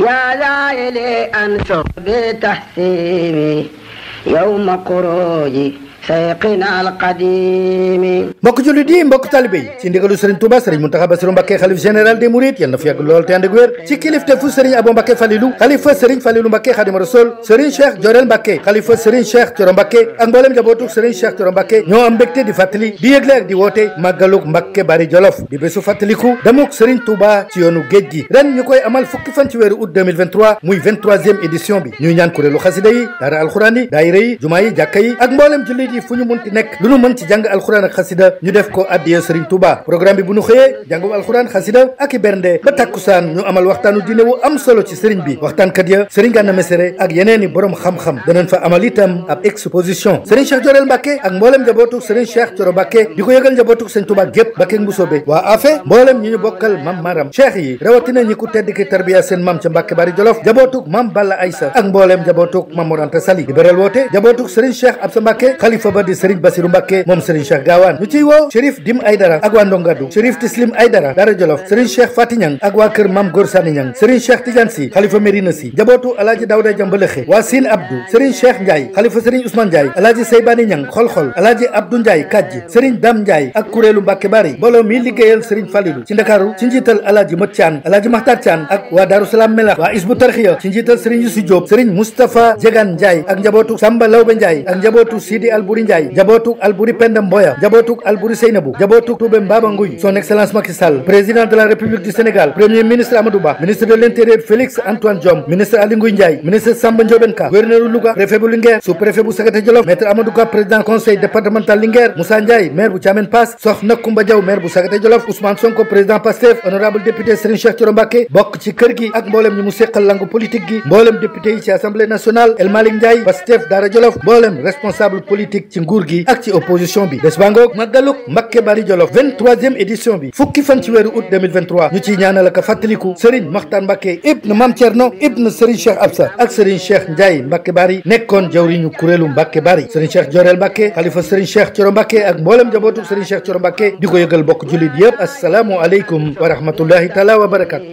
يا لائلي أنشق بتحسيمي يوم قروجي شيقنا القديم mbokk jullit yi mbokk talibe yi ci ndigalu Serigne Touba Serigne Mountakha Bassirou Mbacké xalif général des mourides yal na fi yàgg lool te ànd ci kilifte fu Serigne Abou Mbacké Falilou xalifa Serigne Falilou Mbacké Khadim Rassoul Serigne Cheikh Jorel Mbacké xalifa Serigne Cheikh Thioro Mbacké ak mboolem njabootu Serigne Cheikh Thioro Mbacké ñoo am mbégte di fàttali di yëgle ak di woote màggaluk Mbacké Bari Jolof di bésu fàttaliku damuk Serigne Touba ci yoonu géej ren amal fukki fan ci weeru août 2023 muy 23e édition bi ñuy ñaan kuréelu xasida yi daara alxuraan yi daayira yi jumaa yi ak yi fu ñu mënti nekk lu nu mën ci jàng alxuraan ak xasida ñu def ko addiya Serigne Touba programme bi bu nu xëyee jàngum alxuraan ak ba ñu amal waxtaanu dine wu am solo ci Serigne bi kat ya Serigne ganna mesere ak yeneeni borom xam-xam danañ fa amal itam ab exposition Serigne Cheikh Jorel Mbacke ak mboolem njabootuk Serigne Cheikh Thioro Mbacke di ko yëgal njabootuk Serigne Touba gépp Mbacke Mbusoobe waa afe ñu bokkal mam maram cheikh yi rawatina ñi ku tedd ki tarbiya seen mam ca Mbacke Bari Jolof njabootuk mam Balla Aïssa ak mboolem njabootuk mam Anta Sali beral wote njabootuk Serigne Cheikh Absa Mbacke khalifa soba di Serigne Bassirou Mbacké moom Serigne Cheikh Gawane ñu ciy Dim Aydara ak waa Ndongadu Chérif Tislim Aydara Dara Jolof Serigne Cheikh Fati Niang ak waa kër Mame Gor Sani Niang Serigne Cheikh Tidiane Sy xalifa Mérina Sy njabootu Alaaji Daouda Jambalaxe waa Sine Abdou Serigne Cheikh Ndiaye xalifa Serigne Ousmane Ndiaye Alaaji Seybani Niang xol-xol Alaaji Abdou Ndiaye Kadji Serigne Dame Ndiaye ak kuréelu Mbacké Bari Bolo mi liggéeyal Serigne Falilou ci Ndakaaru ci njiital Alaaji Mat Thiane Alaaji Makhtar ak Wa Darou Salam Melax waa Isbu Tarxiya ci njiital Serigne Youssou Diop Serigne Moustapha Diegane Ndiaye ak njabootu Samba Lawbe Ndiaye ak njabootu Sidi Al Jabotuk Ndiaye jabootuk Alburi Pendam Boya, Jabotuk Alburi seynabu Jabotuk Toubé Mbaba Nguy son excellence Macky Sall président de la République du Sénégal premier ministre Amadou Ba ministre de l'Intérieur Félix Antoine diom ministre Ali Nguy njay ministre Samba Ndiobène gouverneur Louga préfet bu Linguère sous-préfet bu secrétaire Djolof maître Amadou Ka président conseil départemental Linguère Moussa njay maire bu Thiamène Pass sox Koumba Diaw maire bu secrétaire Djolof Ousmane Sonko président Pastef honorable député Serigne Cheikh Thioro Mbacké bok ci kër gi ak mboolem ñu mu seqal langu politique gi mboolem député yi ci Assemblée nationale El malik njay Pastef Dara responsable politique politique ci nguur gi ak ci opposition bi bés baa ngoog màggalug Mbàkke Bari Jolof 23e édition bi fukki fan ci weeru août 2023 ñu ciy ñaanal ak fàttaliku Serigne Maxtaar Mbàkke ibn Maam Cerno ibn Serigne Cheikh Absa ak Serigne Cheikh Ndiaye Mbàkke Bari nekkoon Bari Serigne Cheikh Joreel Mbàkke xalifa Serigne Cheikh Coro Mbàkke ak mboolem bokk jullit yëpp asalaamu aleykum wa taala wa barakatu